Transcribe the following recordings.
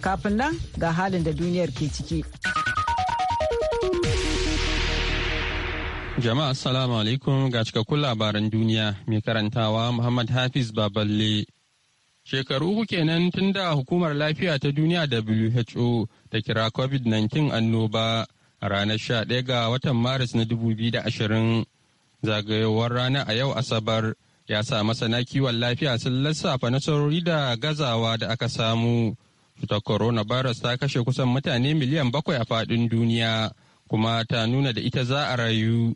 Kafin nan ga halin da duniyar ke ciki. Jama'a Assalamu alaikum ga cikakkun labaran duniya mai karantawa Muhammad Hafiz Baballe. Shekaru uku kenan tun da hukumar lafiya ta duniya WHO ta kira COVID-19 annoba a ranar 11 ga watan Maris na 2020 zagayowar rana a yau Asabar ya sa masana kiwon lafiya sun lissafa nasarori da gazawa da aka samu ta coronavirus ta kashe kusan mutane miliyan bakwai a faɗin duniya kuma ta nuna da ita za a rayu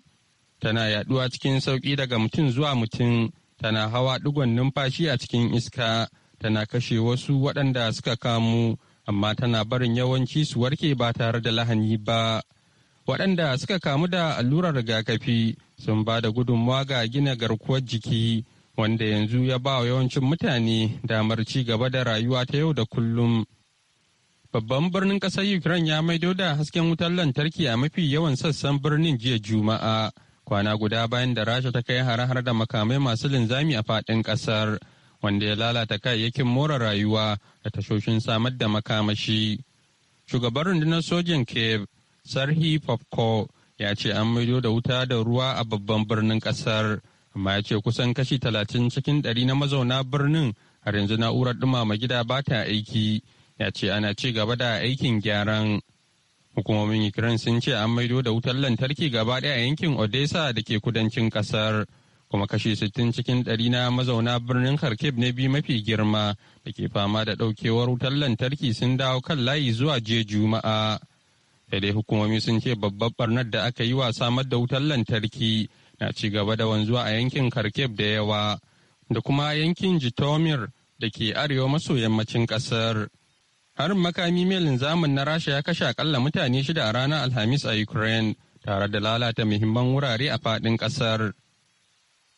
tana yaduwa cikin sauki daga mutum zuwa mutum tana hawa digon numfashi a cikin iska tana kashe wasu waɗanda suka kamu amma tana barin yawanci su warke ba tare da lahani ba waɗanda suka kamu da allurar rigakafi sun ba da gudunmawa ga gina garkuwar jiki wanda yanzu ya ba wa yawancin mutane damar ci gaba da rayuwa ta yau da kullum. Babban birnin ƙasar Ukraine ya maido da hasken wutar lantarki a mafi yawan sassan birnin jiya Juma'a, kwana guda bayan da Rasha ta kai har-har da makamai masu linzami a faɗin ƙasar, wanda ya lalata kayayyakin more rayuwa da tashoshin samar da makamashi. Shugaban rundunar sojin Kiev, Sarhi Popko, ya ce an maido da wuta da ruwa a babban birnin ƙasar. amma ya ce kusan kashi talatin cikin ɗari na mazauna birnin har yanzu na'urar ɗumama gida ba ta aiki ya ce ana ci gaba da aikin gyaran hukumomin ukraine sun ce an maido da wutar lantarki gaba ɗaya a yankin odessa da ke kudancin ƙasar kuma kashi 60 cikin ɗari na mazauna birnin kharkiv na biyu mafi girma da ke fama da ɗaukewar wutar lantarki sun dawo kan layi zuwa je juma'a sai dai hukumomi sun ce babbar barnar da aka yi wa samar da wutar lantarki na ci gaba da wanzuwa a yankin kharkiv da yawa da kuma yankin jitomir da ke arewa maso yammacin kasar harin makami mai linzamin na rasha ya kashe akalla mutane shida a ranar alhamis a ukraine tare da lalata muhimman wurare a fadin kasar.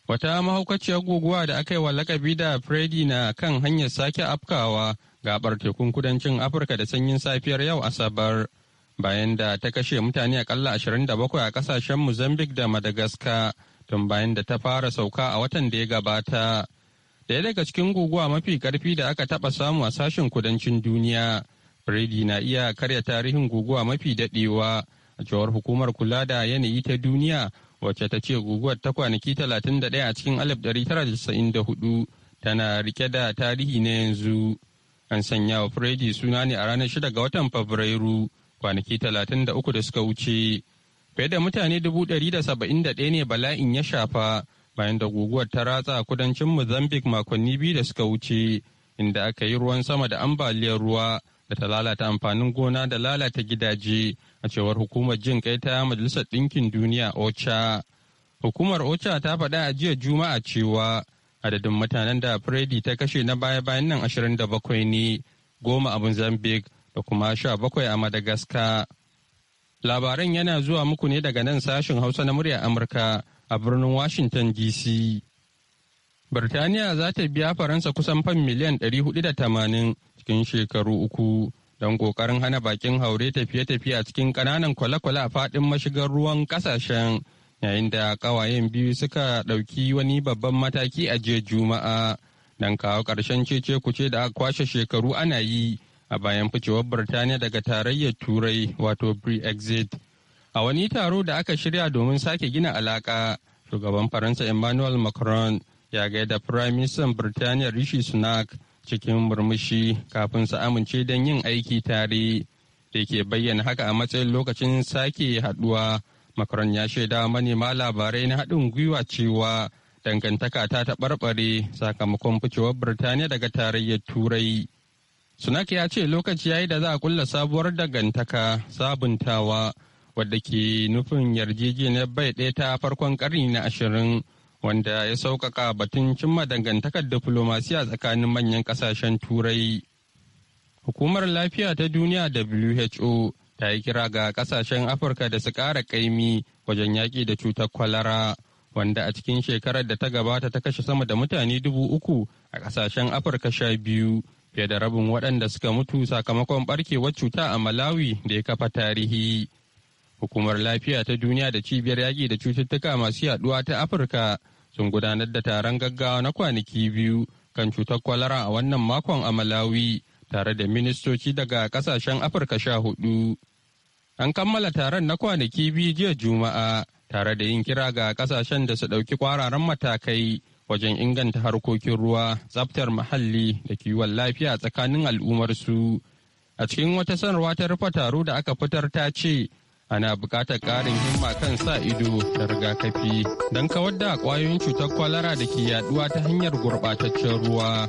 Wata mahaukaciyar guguwa da aka yi wa lakabi da Freddy na kan hanyar sake afkawa gabar tekun kudancin Afirka da sanyin safiyar yau Asabar. bayan da ta kashe mutane akalla 27 a kasashen Mozambique da Madagascar tun bayan da ta fara sauka a watan da ya gabata. Daya daga cikin guguwa mafi karfi da aka taba samu a sashen kudancin duniya, Freddy na iya karya tarihin guguwa mafi dadewa a cewar hukumar kula da yanayi ta duniya wacce ta ce guguwar ta kwanaki 31 a cikin 1994 tana rike da tarihi na yanzu. An sanya wa Freddy suna ne a ranar 6 ga watan Fabrairu kwanaki talatin da suka wuce. Fiye da mutane dubu da 171 ne bala'in ya shafa bayan da guguwar ta ratsa a kudancin Mozambique makonni biyu da suka wuce, inda aka yi ruwan sama da ambaliyar ruwa da ta lalata amfanin gona da lalata gidaje a cewar hukumar jin kai ta Majalisar Ɗinkin Duniya OCHA. Hukumar OCHA ta faɗa a jiya Juma'a cewa adadin mutanen da Freddy ta kashe na baya-bayan nan 27 ne goma a Mozambique da kuma sha bakwai a Madagascar. Labaran yana zuwa muku ne daga nan sashen Hausa na murya Amurka a birnin Washington DC. Birtaniya za ta biya Faransa kusan fan miliyan 480 cikin shekaru uku don ƙoƙarin hana bakin haure tafiye-tafiye a cikin ƙananan kwale-kwale a faɗin mashigar ruwan ƙasashen yayin da ƙawayen biyu suka ɗauki wani babban mataki a jiya Juma'a don kawo ƙarshen cece kuce da aka kwashe shekaru ana yi a bayan ficewar Birtaniya daga tarayyar Turai wato exit A wani taro da aka shirya domin sake gina alaka, shugaban Faransa Emmanuel Macron ya gaida Firaministan Birtaniya Rishi Sunak cikin murmushi kafin su amince don yin aiki tare da ke bayyana haka a matsayin lokacin sake haduwa. Macron ya shaida manema labarai na haɗin gwiwa cewa dangantaka ta taɓarɓare sakamakon ficewar Birtaniya daga tarayyar Turai. Sunak ya ce lokaci ya yi da za a kulla sabuwar dangantaka sabuntawa wadda ke nufin yarjejeniyar bai ɗaya ta farkon ƙarni na ashirin wanda ya sauƙaƙa batun cimma dangantakar diflomasiya tsakanin manyan ƙasashen turai. Hukumar lafiya ta duniya WHO ta yi kira ga ƙasashen Afirka da su ƙara ƙaimi wajen yaƙi da cutar kwalara. wanda a cikin shekarar da ta gabata ta kashe sama da mutane dubu uku a ƙasashen afirka sha biyu fiye da rabin waɗanda suka mutu sakamakon barkewar cuta a malawi da ya kafa tarihi hukumar lafiya ta duniya da cibiyar yaƙi da cututtuka masu yaɗuwa ta afirka sun gudanar da taron gaggawa na kwanaki biyu kan cutar kwalara a wannan makon a malawi tare da ministoci daga ƙasashen afirka sha hudu an kammala taron na kwanaki biyu jiya juma'a tare da yin kira ga ƙasashen da su ɗauki kwararan matakai wajen inganta harkokin ruwa tsaftar muhalli da kiwon lafiya tsakanin al'ummarsu a cikin wata sanarwa ta rufe taro da aka fitar ta ce ana buƙatar ƙarin himma kan sa ido da rigakafi don kawar da ƙwayoyin cutar kwalara da ke yaduwa ta hanyar gurɓataccen ruwa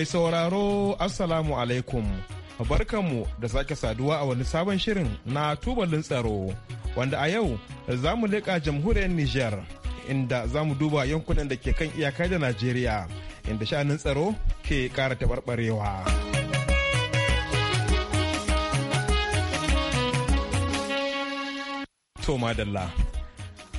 Mai sauraro Assalamu alaikum. Barkanmu da sake saduwa a wani sabon shirin na tubalin tsaro wanda a yau za mu leƙa jamhuriyar Nijar inda za mu duba yankunan da ke kan iyaka da Najeriya inda sha'anin tsaro ke ƙara taɓarɓarewa. To madalla.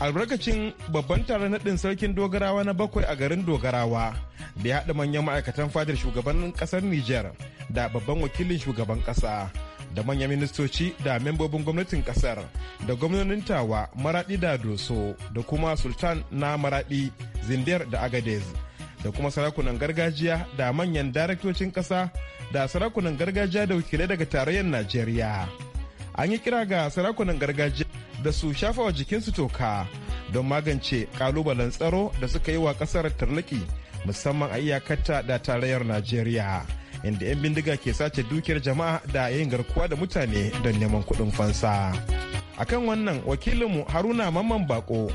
albarkacin babban taron naɗin sarkin dogarawa na bakwai a garin dogarawa da ya haɗa manyan ma'aikatan fadar shugaban ƙasar Nijar da babban wakilin shugaban ƙasa da manyan ministoci da membobin gwamnatin ƙasar da gwamnonin tawa maraɗi da doso da kuma sultan na maraɗi zindiyar da agadez da kuma sarakunan gargajiya da manyan daraktocin ƙasa da sarakunan gargajiya da wakilai daga tarayyar najeriya an yi kira ga sarakunan gargajiya da su shafa wa jikinsu toka don magance kalubalen tsaro da suka yi wa kasar tarlaki musamman a iyakata da tarayyar najeriya inda 'yan bindiga ke sace dukiyar jama'a da yin garkuwa da mutane don neman kuɗin fansa akan wannan wakilinmu haruna mamman bako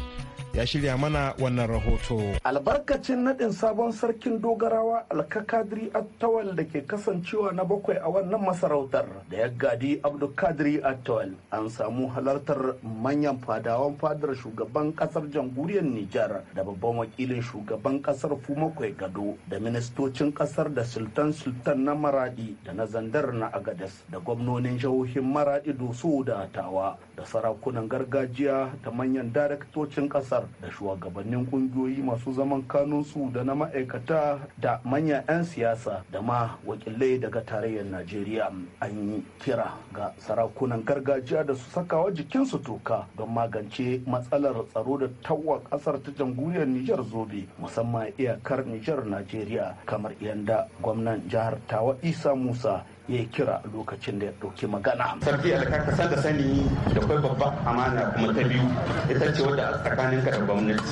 ya shirya mana wannan rahoto. Albarkacin naɗin sabon sarkin dogarawa alkakadiri attawal da ke kasancewa na bakwai a wannan masarautar da ya gadi abdulkadiri attawal an samu halartar manyan fadawan fadar shugaban kasar jamhuriyar Nijar da babban wakilin shugaban kasar Fumakwai Gado da ministocin kasar da sultan sultan na Maradi da na Zandar na Agadas da gwamnonin jihohin Maradi Doso da Atawa da sarakunan gargajiya da manyan daraktocin kasar da shugabannin kungiyoyi masu zaman kanunsu da na ma'aikata da manyan 'yan siyasa da ma wakilai daga tarayyar najeriya an yi kira ga sarakunan gargajiya da su sakawa jikinsu toka don magance matsalar tsaro da tawa kasar ta jamhuriyar nijar zobe musamman iyakar nijar najeriya kamar yadda gwamnan jihar tawa isa musa ya kira lokacin da ya ɗauki magana. Sarki alkaka san da sani da kwai babba amana kuma ta biyu ita ce wadda tsakanin ka da gwamnati.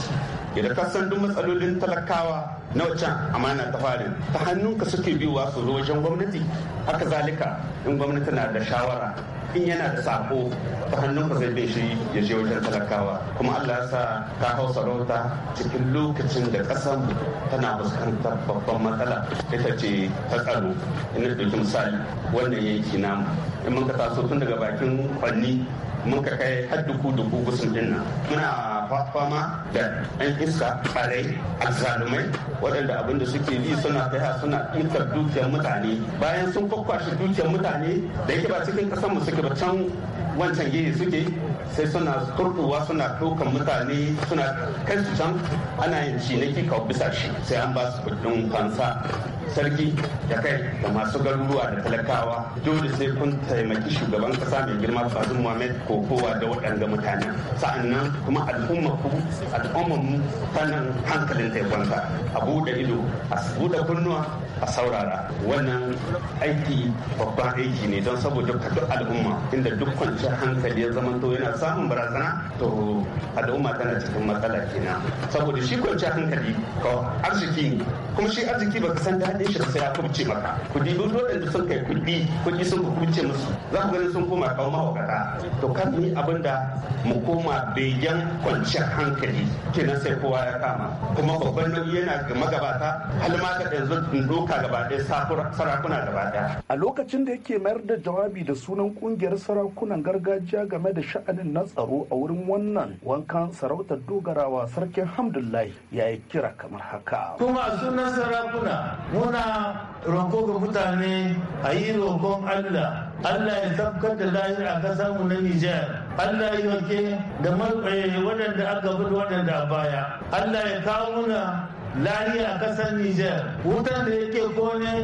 Idan ka san duk matsalolin talakawa na wacan amana ta farin ta hannunka suke biyuwa su zo wajen gwamnati haka zalika in gwamnati na da shawara in yana da sako ta ba zai bai shi ya je wajen talakawa kuma allah ya sa ta hau sarauta cikin lokacin da kasan tana fuskantar babban matsala ita ce ta tsaro ina ɗauki misali wannan yanki na in muka taso tun daga bakin kwanni muka kai har duku duku gusun dinnan muna fama da yan iska ɓarai azzalumai waɗanda abin da suke yi suna kaiha suna ɗinkar dukiyar mutane bayan sun kwakwashe dukiyar mutane da yake ba cikin ƙasar mu suke ba can wancan gini suke sai suna turɗuwa suna tokan mutane suna kai su can ana yin na kika bisa shi sai an ba su kuɗin fansa sarki da kai da masu garuruwa da talakawa dole sai kun taimaki shugaban kasa mai girma muhammed ko kowa da waɗanda mutane sa'annan kuma al'umma ku al'umma mu fannin hankalin taifanta a buɗe ido a buɗe kunnuwa a saurara wannan aiki babban aiki ne don saboda duk al'umma inda duk kwanciyar hankali ya zama to yana samun barazana to al'umma tana cikin matsala kenan saboda shi kwanciyar hankali ko arziki kuma shi arziki ba ka san da hannun shi sai ya kubce maka ku dibi waɗanda sun kai kuɗi kuɗi sun kubce musu za ku gani sun koma kawo mahaukata to kan ni abin da mu koma begen kwanciyar hankali kenan sai kowa ya kama kuma babban nauyi yana ga magabata har ma ka yanzu doka gaba ɗaya sarakuna gaba a lokacin da yake mayar da jawabi da sunan kungiyar sarakunan gargajiya game da sha'anin na tsaro a wurin wannan wankan sarautar dogarawa sarkin hamdullahi ya yi kira kamar haka. kuma sunan sarakuna mu muna roƙo ga mutane a yi roƙon Allah Allah ya tabbatar da lahir a ƙasar mu na Nijar Allah ya yanke da marɓaye eh, waɗanda aka bi waɗanda a baya Allah ya kawo muna lahiya a ƙasar Nijar wutan da yake kone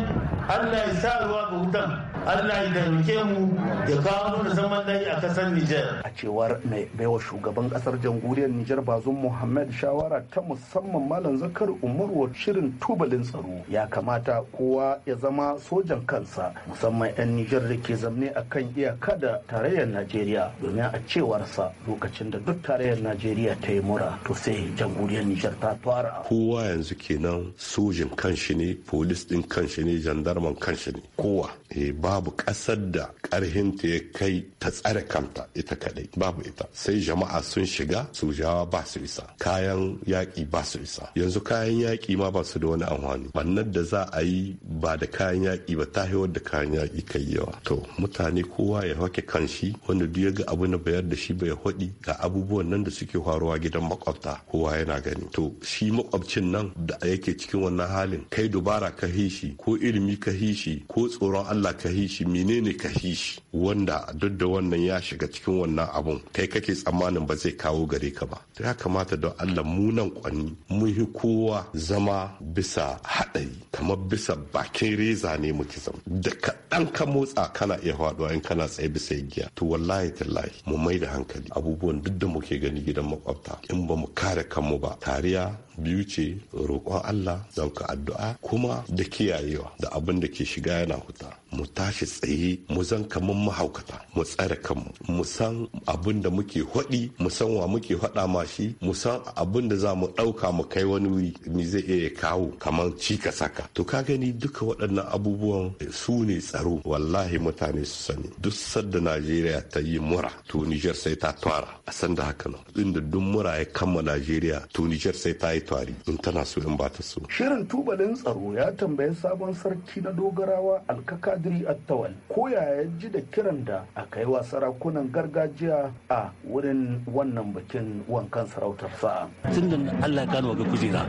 Allah ya sa ruwa ga wutan Allah ya dauke mu ya kawo da zaman dai a kasar Nijar. A cewar mai baiwa shugaban kasar jamhuriyar Nijar Bazum Muhammad shawara ta musamman Malam Zakar Umaru shirin tubalin tsaro ya kamata kowa ya zama sojan kansa musamman 'yan Nijar da ke zamne a kan iyaka da tarayyar Najeriya domin a cewarsa lokacin da duk tarayyar Najeriya ta yi mura to sai jamhuriyar Nijar ta fara. Kowa yanzu kenan sojin kanshi ne, polis din kanshi ne, jandarman kanshi ne, kowa. Eh, babu ƙasar da ta ya kai ta tsare kanta ita kadai, babu ita sai jama'a sun shiga sojawa ba su isa kayan yaƙi ba su isa yanzu kayan yaƙi ma ba su da wani amfani bannan da za a yi ba da kayan yaƙi ba ta haihuwar da kayan yaƙi kai yawa to mutane kowa ya hake kanshi wanda duk ya ga abu na bayar da shi bai haɗi ga abubuwan nan da suke faruwa gidan makwabta kowa yana gani to shi makwabcin nan da yake cikin wannan halin kai dubara ka hishi ko ilimi ka hishi ko tsoron Allah ka hishi ne menene shi wanda duk da wannan ya shiga cikin wannan abun kai kake tsammanin ba zai kawo gare ka ba to ya kamata don Allah mu nan kwani mun yi kowa zama bisa haɗari kamar bisa bakin reza ne muke zama da kaɗan ka motsa kana iya faɗuwa in kana tsaye bisa igiya to wallahi tallahi mu mai da hankali abubuwan duk da muke gani gidan makwabta in ba mu kare kanmu ba tariya biyu ce roƙon Allah zauka addu'a kuma da kiyayewa da abin da ke shiga yana huta mu ta tashi tsaye mu zan kamar mahaukata mu tsare kanmu mu san abin da muke hwaɗi mu san wa muke hada ma shi mu san abin da za mu ɗauka mu kai wani wuri mi zai iya kawo kamar cika saka to ka gani duka waɗannan abubuwan su ne tsaro wallahi mutane su sani duk sadda najeriya ta yi mura to nijar sai ta tara a san da haka nan inda duk mura ya kama najeriya to nijar sai ta yi tari in tana so in ba ta so shirin tubalin tsaro ya tambayi sabon sarki na dogarawa alkakadiri a tattawal ko ya ji da kiran da aka yi wa sarakunan gargajiya a wurin wannan bikin wankan sarautar sa'a. Tun da Allah ya wa ga kujera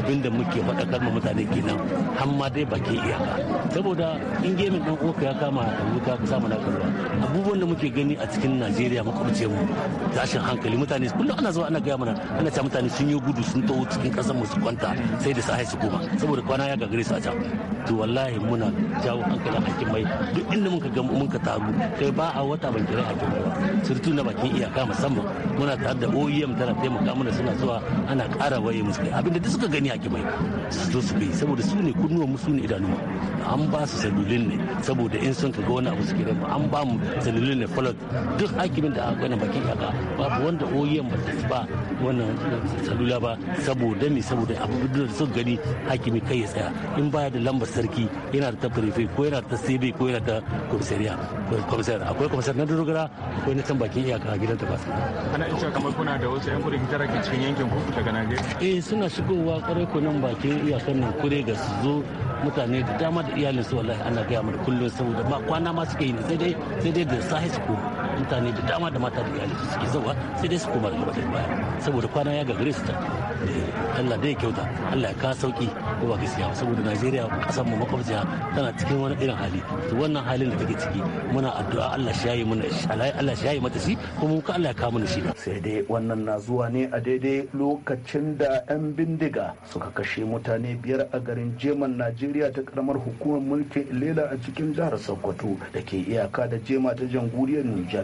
abinda muke faɗakar ma mutane kenan har ma dai baki iyaka. Saboda in gemin ɗan ya kama kan wuta ka samu na ruwa abubuwan da muke gani a cikin najeriya makwabce mu tashin hankali mutane kullum ana zuwa ana gaya mana ana cewa mutane sun yi gudu sun taho cikin kasar mu su kwanta sai da sa su koma saboda kwana ya gagare su a can to wallahi muna jawo hankalin mai duk inda muka ga mun ka taru kai ba a wata ban kira hakimai mai surtu na bakin iyaka musamman muna tare da OEM tana taimaka mana suna zuwa ana ƙara waye musu kai abinda duk suka gani mai su zo su bi saboda su ne kunnuwan mu ne idanu an ba su sabulin ne saboda in sun ka ga wani abu su kira an ba mu salilin ne falot duk hakimin da aka wani bakin yaka babu wanda oyen ba ba wannan salula ba saboda ne saboda abubuwan da suka gani hakimi kai ya tsaya in baya da lambar sarki yana da ta ko yana ta sebe ko yana ta komisariya akwai komisar na dogara akwai na can bakin iyaka a gidan ta tabas ana iya kamar kuna da wasu yan gudun tara ke cikin yankin ku daga najeriya eh suna shigowa kwarai ko nan bakin iyakan nan kure ga su zo mutane da dama da iyalinsu wallahi ana gaya mana kullum saboda ba kwana ma suke yi sai dai sai dai da sahi su mutane da dama da mata da iyali su suke zauwa sai dai su koma da gabatar baya saboda kwana ya gagare su ta eh, Allah dai kyauta Allah ya ka sauki ko ba gaskiya saboda Najeriya kasan mu makwabciya tana cikin wani irin hali to wannan halin da take ciki muna addu'a Allah shi yayi mana Allah shi yayi mata shi kuma ka Allah ya kawo mana shi sai dai wannan na zuwa ne a daidai lokacin da 'yan bindiga suka kashe mutane biyar a garin jeman najeriya ta karamar hukumar mulkin ilela a cikin jihar sokoto da ke iyaka da jema ta jamhuriyar nijar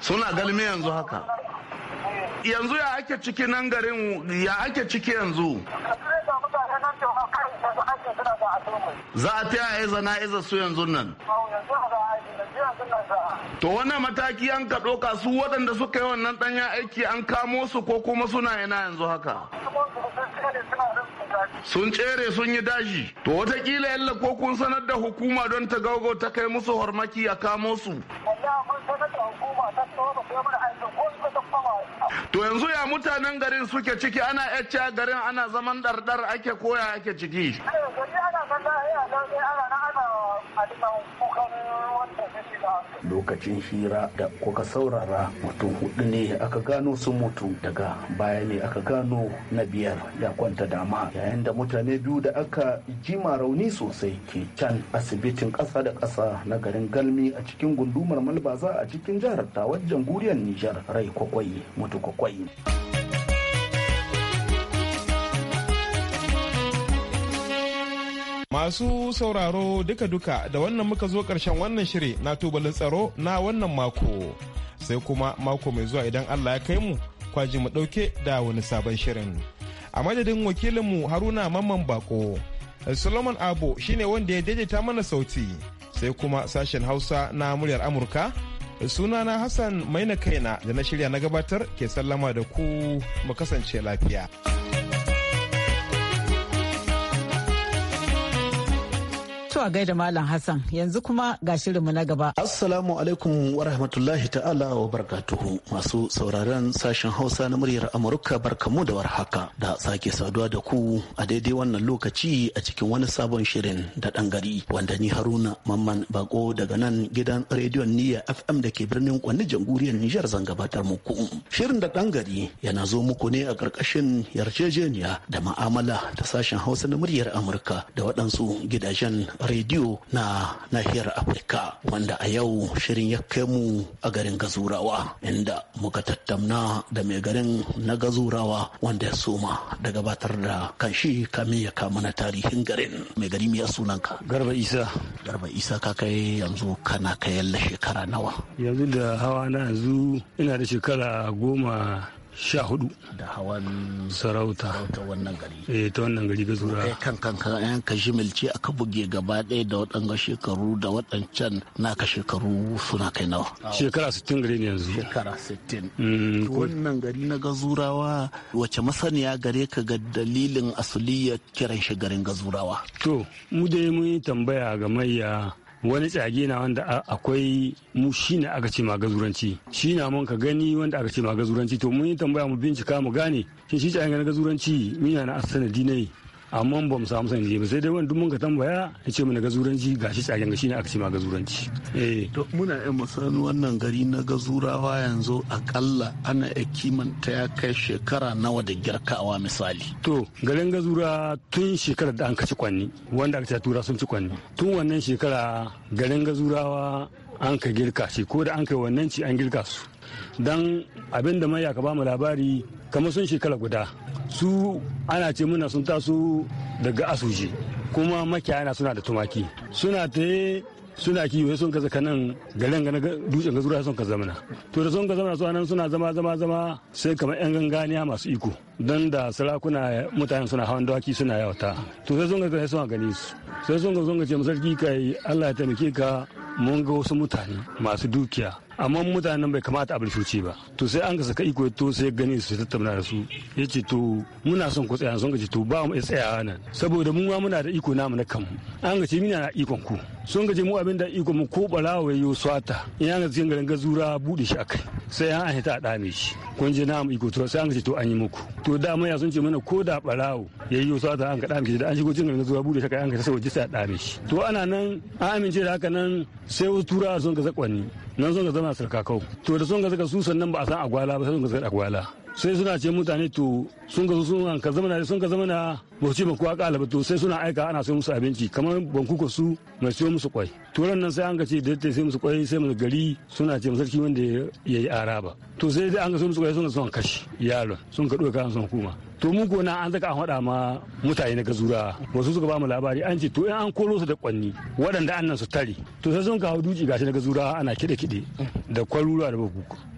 suna galme yanzu haka yanzu ya ake ciki nan garin ya ake ciki yanzu za a ta yaya zana iza su yanzu nan to wannan mataki an ka ɗauka su waɗanda suka yi wannan ɗanya aiki an kamo su ko kuma suna yana yanzu haka sun tsere sun yi daji to watakila yalla ko kun sanar da hukuma don ta gaugau ta kai musu hormaki a kamo su hukuma ta tsoro bai mana aikin ko suka tafawa. To yanzu ya mutanen garin suke ciki ana ecce garin ana zaman dardar ake koya ake ciki. Eh, gari ana kanta ya ga sai ana na eh, ana adisawo. lokacin hira da kuka saurara mutum hudu ne aka gano sun mutu daga baya ne aka gano na biyar ya kwanta dama yayin da mutane biyu da aka jima rauni sosai ke can asibitin ƙasa da ƙasa na garin galmi a cikin gundumar malbaza a cikin jihar tawar guriyar nijar rai kwakwai mutu kwakwai Masu sauraro duka-duka da wannan muka zo ƙarshen wannan shiri na tubalin tsaro na wannan mako. Sai kuma mako mai zuwa idan Allah ya kai mu kwaji mu ɗauke da wani sabon shirin. A madadin wakilinmu Haruna Mamman Bako, Solomon Abo shine wanda ya daidaita mana sauti. Sai kuma sashen Hausa na muryar Amurka. Sunana Hassan Maina Kaina da na shirya na gabatar ke sallama da ku mu kasance lafiya. To gaida Malam Hassan yanzu kuma ga shirinmu na gaba. Assalamu alaikum wa rahmatullahi ta'ala wa barakatuhu masu sauraron sashen Hausa na muryar Amurka barkamu da warhaka da sake saduwa da ku a daidai wannan lokaci a cikin wani sabon shirin da dan gari wanda ni Haruna Mamman Bako daga nan gidan rediyon Niyya FM da ke birnin kwani jamhuriyar Nijar zan gabatar muku. Shirin da dan gari yana zo muku ne a ƙarƙashin yarjejeniya da ma'amala da sashen Hausa na muryar Amurka da waɗansu gidajen rediyo na nahiyar afirka wanda a yau shirin ya kai mu a garin gazurawa inda muka tattauna da mai garin na gazurawa wanda ya soma da gabatar da kanshi kamin ya kama na tarihin garin mai gari mai sunanka garba isa garba isa ka kai yanzu kana kayan shekara nawa yanzu da hawa na yanzu ina da shekara goma sha hudu da hawan sarauta wannan gari eh ta wannan gari zura kai kan kan kan yan ka shimilce aka buge gaba ɗaya da waɗanga shekaru da waɗancan naka shekaru suna kai nawa shekara 60 gari ne yanzu shekara 60 mm, wannan gari na gazurawa wace masaniya gare ka ga dalilin asuliyar kiran shi garin gazurawa to mu dai mun yi tambaya ga mayya wani tsage na wanda akwai mu shi ne aka ce magazuranci shi na mun ka gani wanda aka ce magazuranci to mun yi tambaya mu bincika mu gane shi shi na gazuranci mina na sanadi ne amma ba mu samu sanin ba sai dai wani mun ka tambaya ya ce mana gazuranci shi tsagen shi ne aka ce ma gazuranci e to muna yan musan wannan gari na gazurawa yanzu akalla ana ya kimanta ya kai shekara nawa da girkawa misali to garin gazura tun shekara da an kaci kwanni wanda aka ce tura sun ci kwanni tun wannan shekara garin gazurawa an ka girka shi ko da an kai wannan ci an girka su don abin da mayaka ba mu labari kamar sun shekara guda su ana ce muna sun taso daga asuji kuma makiyana suna da tumaki suna ta suna kiwo sun kaza kanan garin ga dutsen ga zura sun kaza mana to da sun kaza mana su anan suna zama zama zama sai kamar yan ganganiya masu iko don da sarakuna mutane suna hawan dawaki suna yawata to sai sun ga sun gani su sai zonga zonga ce masarki kai Allah ya taimake ka mun ga wasu mutane masu dukiya amma mutanen bai kamata a barfuci ba to sai an ka saka iko to sai gani su tattauna da su ya ce to muna son ku tsaya sun ga ce to ba mu iya a nan saboda mu ma muna da iko namu na kanmu an ga ce mina na ikon ku sun ga ce mu abin da iko mu ko balawa yo swata in an ga cikin garin gazura bude shi akai sai an ahita a dame shi kun je namu iko to sai an ga ce to an yi muku to da ya sun ce mana ko da barawo ya yi wasu an kaɗa mishi da an shigo cikin na zuwa bude shaka an ka sai waje sai a ɗame shi to ana nan an amince da haka nan sai wasu turawa sun ka zakwanni nan sun ka zama sarkakau to da sun ka zaka su sannan ba a san agwala ba sai sun ka zaka agwala sai suna ce mutane to sun ga sun ka zamana sun ka zamana ba ce ku akala ba to sai suna aika ana sai musu abinci kamar banku ko su mai siyo musu kwai turan nan sai an ka ce da ta sai musu kwai sai musu gari suna ce sarki wanda ya yi araba to sai dai an ga sai musu kwai sun ka son kashi yaron sun ka doka sun kuma to mu gona an zaka an faɗa ma mutane na gazura wasu suka ba mu labari an ce to in an koro su da kwanni waɗanda an nan su tare to sai sun kawo duci gashi na gazura ana kiɗe kiɗe da kwarura da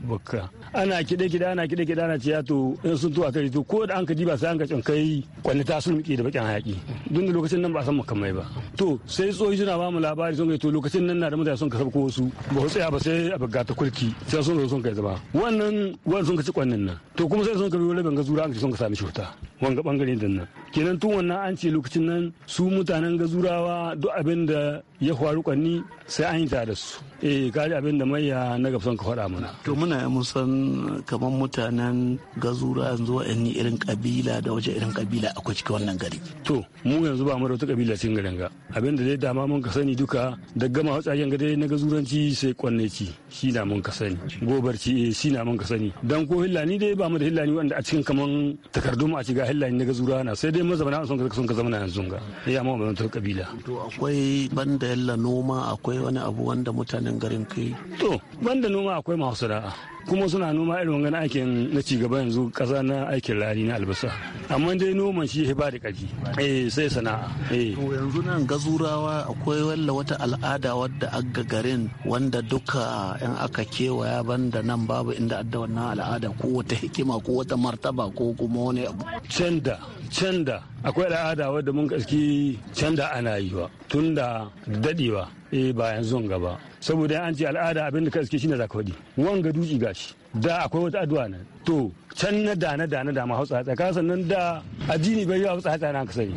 bakka ana kiɗe kiɗe ana kiɗe kiɗe ana ce to in sun to a tare to ko da an ka diba sai an ka cin kai kwanni ta sun da bakin hayaki duk da lokacin nan ba a san makamai ba to sai tsohi suna ba mu labari sun kai to lokacin nan na da mutane sun ka sabko wasu ba su tsaya ba sai a ta kulki sai sun zo sun kai zama wannan wannan sun ka ci kwannin nan to kuma sai sun ka biyo labin gazura an ka sun ka sami shi kyauta wanga bangare da nan kenan tun wannan an ce lokacin nan su mutanen gazurawa duk abin da ya faru kwanni sai an yi ta da su eh gari abin da maiya na gafsan ka faɗa mana to muna musan kamar mutanen gazura yanzu wa'anni irin kabila da wajen irin kabila akwai cikin wannan gari to mu yanzu ba mu da wata kabila cikin garin ga abin da dai dama mun ka sani duka da gama watsayen gari na gazuranci sai kwanneci shi na mun ka sani gobarci eh shi na mun ka sani dan ko hillani dai ba mu da hillani wanda a cikin kaman takardun a shiga hillani na gazura na sai dai mun zama na sun ka na yanzu ga ya amma ba mu da kabila to akwai banda yalla noma akwai wani abu wanda mutanen garin kai to banda noma akwai masu da'a kuma suna noma irin wani aikin na cigaba yanzu kasa na aikin rani na albasa amma dai noman shi ya ba da kaji eh sai sana'a eh to yanzu nan gazurawa akwai walla wata al'ada wadda agga garin wanda duka in aka kewaya banda nan babu inda adda wannan al'ada ko wata hikima ko wata martaba ko kuma wani abu canda canda akwai al'ada wadda mun can canda ana yi wa tun da dadewa eh ba yanzu gaba saboda an ce al'ada abin da ka gaski shine zakodi wanga duci gashi da akwai wata addu'a nan to can na da na da na da ma hausa hatsa ka sannan da addini bai yi hausa hatsa na ka sani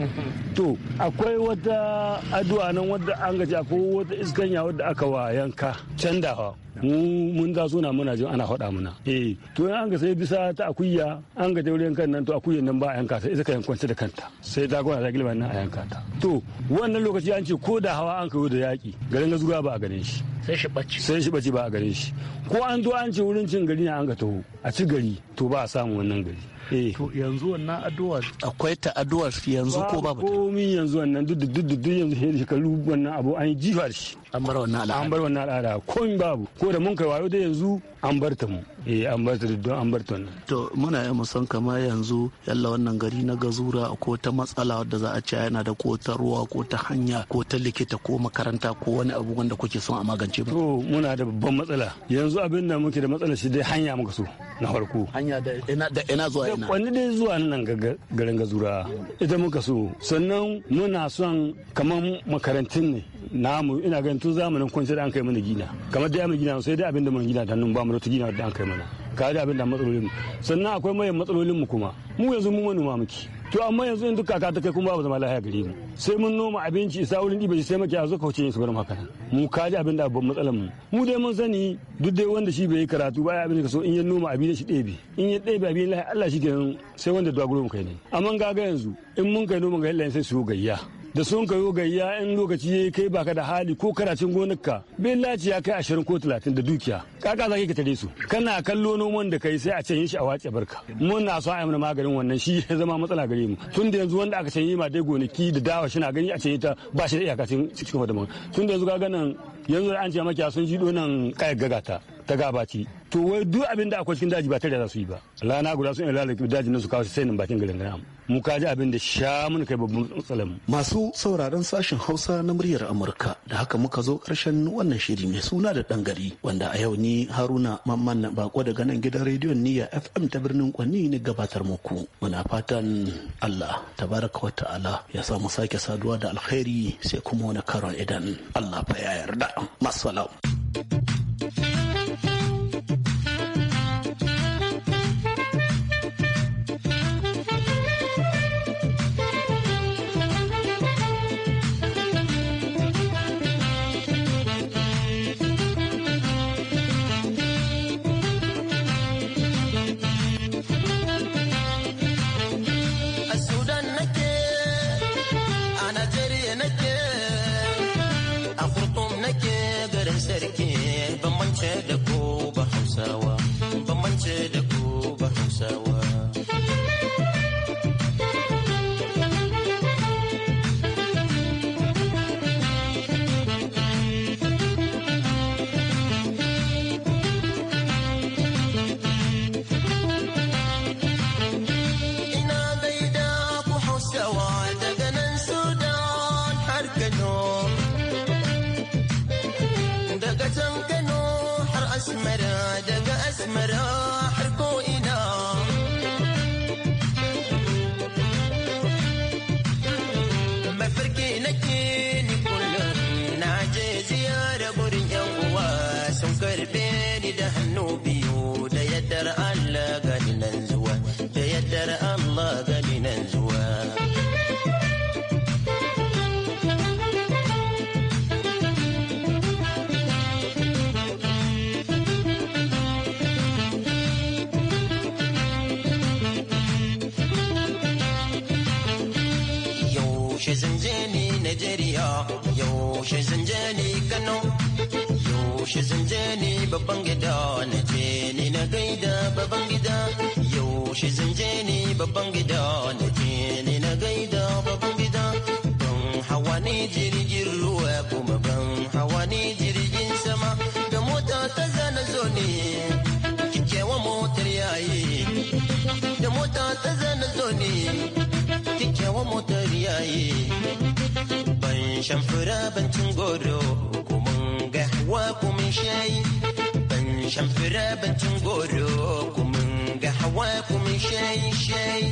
to akwai wata addu'a nan wadda an gaji akwai wata iskanya wadda aka wa yanka can da hawa mun da suna muna jin ana hada muna eh to an ga sai bisa ta akuya an ga dauren kan nan to akuya nan ba a yanka ta ita ka yankwance da kanta sai ta gona ta nan a yanka ta to wannan lokaci an ce ko da hawa an kawo da yaki garin gazuwa ba a ganin shi sai shi bacci sai shi bacci ba a ganin shi ko an zo an ce wurin cin gari ne an ga taho a ci gari to ba a samu wannan gari Eh. to yanzu wannan addu'a akwai ta addu'a yanzu ko babu min yanzu wannan duk duk duk yanzu sai shekaru wannan abu an yi jifa da shi an bar wannan al'ada an bar wannan al'ada komi babu ko da mun kai wayo da yanzu an bar ta mu eh an bar ta don an bar ta wannan to muna yi musan kamar yanzu yalla wannan gari na gazura ko ta matsala wadda za a ce yana da ko ta ruwa ko ta hanya ko ta likita ko makaranta ko wani abu wanda kuke son a magance ba to muna da babban matsala yanzu abin da muke da matsala shi dai hanya muka so na farko hanya da ina da ina zuwa mana wani dai zuwa nan garin gazura ita muka so sannan muna son kamar makarantun ne namu ina ganin tun zamanin sai da an kai mana gina kamar ya mu gina sai dai abin da mun gina da nan ba mu da gina da an kai mana ka da abin da matsalolin sannan akwai mai matsalolin mu kuma mu yanzu mu manoma muke to amma yanzu in dukka kaka ta kai kuma babu zama lahiya gare mu sai mun noma abinci isa wurin ɗiba shi sai maki a zo kauce su bar haka mu kaji abin da babban matsalar mu mu dai mun sani duk dai wanda shi bai yi karatu ba ya abin da so in ya noma abin shi ɗebe in ya ɗebe abin lahiya Allah shi ke sai wanda dogaro mu kai ne amma ga yanzu in mun kai noma ga sai su gayya da sun kayo gayya in lokaci ya kai baka da hali ko karacin gonarka laci ya kai ashirin ko talatin da dukiya kaka za ka tare su kana kallo noman da kai sai a canye shi a wace barka mun na so a yi mana maganin wannan shi ya zama matsala gare mu tun da yanzu wanda aka canye ma dai gonaki da dawa shi na gani a canye ta ba shi da iyakacin cikin fadaman tun da yanzu ga ganin yanzu da an ce makiya sun ji donan kayar gagata ta gabaci to wai duk abin da akwai cikin daji ba tare da su yi ba lana guda sun lalata daji na su kawo sai nan bakin garin gana mu ka ji abin da sha mun kai babban tsalan masu sauraron sashen Hausa na muryar Amurka da haka muka zo karshen wannan shiri mai suna da dan gari wanda a yau ni Haruna Mamman na bako daga nan gidan rediyon Niya FM ta birnin Kwanni ne gabatar muku muna fatan Allah tabaraka wa ta'ala ya samu sake saduwa da alkhairi sai kuma wani karon idan Allah fa ya yarda masala. je ni babban gida na je ni na gaida babban gida yaushe zan je ni babban gida na je ni na gaida babban gida ban hawa ni jirgin ruwa kuma ban hawa ni jirgin sama da mota ta zana zo ne kikewa motar yayi da mota ta zana zo ne kikewa motar yayi ban shan fura ban cin goro kuma ban gawa kumin shayi ban shan fura ban cin goro kumin hawa kumin shayi shayi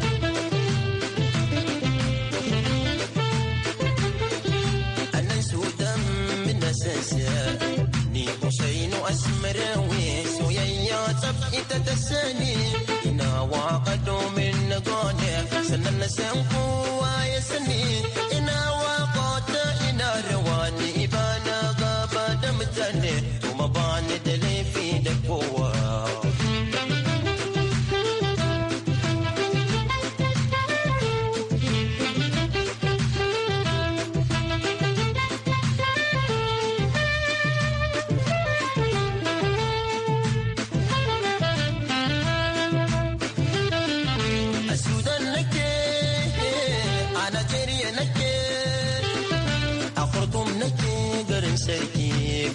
marawe soyayya tsaf ita ta sani ina waka domin na gane sannan na san